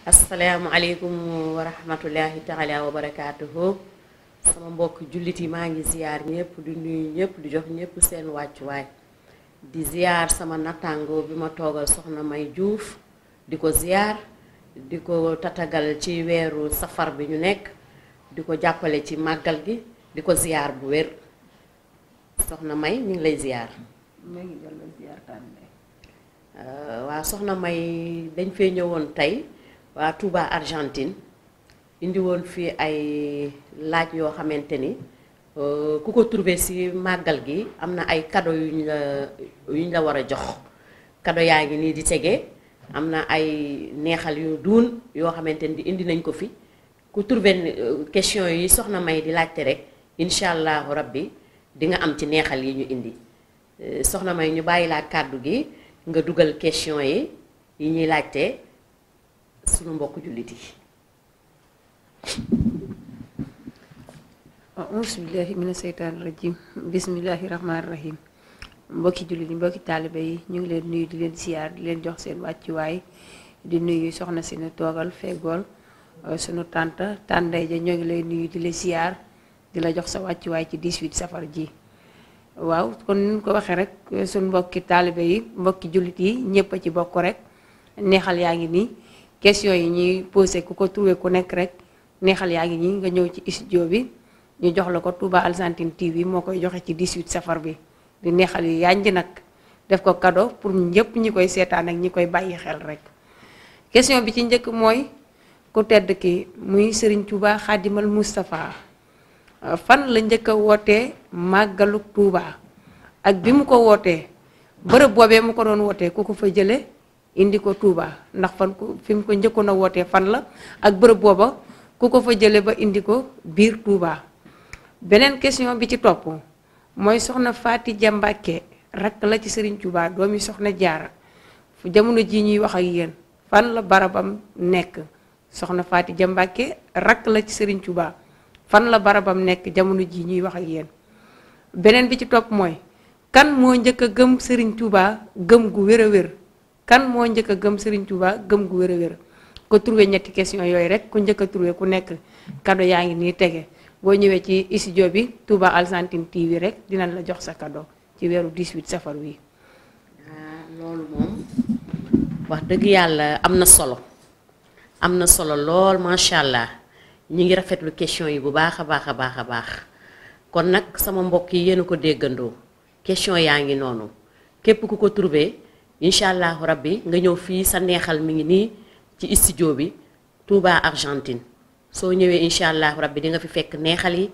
asalaamualeykum wa rahmatullahi taala wa barakaatuhu sama mbokk jullit yi maa ngi ziyaar ñëpp di nuyu ñëpp di jox ñëpp seen wàccuwaay di ziyaar sama nattango bi ma toogal soxna May juuf di ko ziyaar di ko tatagal ci weeru safar bi ñu nekk di ko jàppale ci màggal gi di ko ziyaar bu wér soxna May ñu ngi lay ziyaar waa soxna May dañ fee ñëwoon tey waa Touba Argentine indi woon fii ay laaj yoo xamante ni euh, ku ko trouvé ci màggal gi am na ay yu yuñ la yuñ la war a jox cadeau yaa ngi nii di tege am na ay neexal yu duun yoo xamante ni indi nañ ko fi ku trouvé euh, question yi soxna May di laajte rek incha allahu bi di nga am ci neexal yi ñu indi euh, soxna May ñu bàyyi laa kàddu gi nga dugal question yi yi ñuy laajte. sunu mbokk jullit yi auzu billaahi mina seytaani rajiim bismillaahi rahmaani rahiim mbokki jullit yi mbokki taalibe yi ñu ngi leen nuyu di leen siyaar di leen jox seen wàccuwaay di nuyu soxna si nu toogal fegool uh, sunu tànt tànday ja ñoo ngi lay nuyu di la siyaar di la jox sa wàccuwaay ci 18 safar ji waaw kon ni ñu ko waxee rek sunu mbokki taalibe yi mbokki jullit yi ñépp ci bokk rek neexal yaa ngi nii question yi ñuy posé ku ko trouvé ku nekk rek neexal yaa ngi ñi nga ñëw ci studio bi ñu jox la ko Touba Argentine TV moo koy joxe ci 18 safar bi di neexal yi yànj nag def ko cadeau pour ñëpp ñi koy seetaan ak ñi koy bàyyi xel rek. question bi ci njëkk mooy ku tedd ki muy Serigne Touba Xaadimal Moustapha fan la njëkk a wootee màggalu Touba ak bi mu ko wootee bërëb boobee mu ko doon wootee ku ko fa jëlee. indi ko Touba ndax fan ko fim ko njëkkoon a wootee fan la ak bërëb booba ku ko fa jële ba indi ko biir Touba beneen question bi ci topp mooy soxna Faati Ja rakk la ci Serigne Touba doomi soxna jaara jamono ji ñuy wax ak yéen fan la barabam nekk soxna Faati Ja rakk la ci Serigne fan la barabam nekk jamono ji ñuy wax ak yéen beneen bi ci topp mooy kan moo njëkk a gëm Serigne Touba gëm gu wér a wér kan moo njëkk a gëm Serigne Touba gëm gu wér a wér ko trouvé ñetti question yooyu rek ku njëkk a trouvé ku nekk kado yaa ngi nii tege boo ñëwee ci studio bi Touba Argentine TV rek dinañ la jox sa kado ci weeru 18 safar wi. Ah, loolu moom wax dëgg yàlla am na solo am na solo lool macha allah ñu ngi rafetlu question yi bu baax a baax a baax a baax kon nag sama mbokk yi yéen ko déggandoo question yaa ngi noonu képp ku ko trouvé. incha allahu bi nga ñëw fii sa neexal mi ngi nii ci studio bi Touba Argentine soo ñëwee incha allahu rabbi di nga fi fekk neexal yi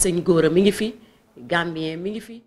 sëñ góora mi ngi fi Gambien mi ngi fi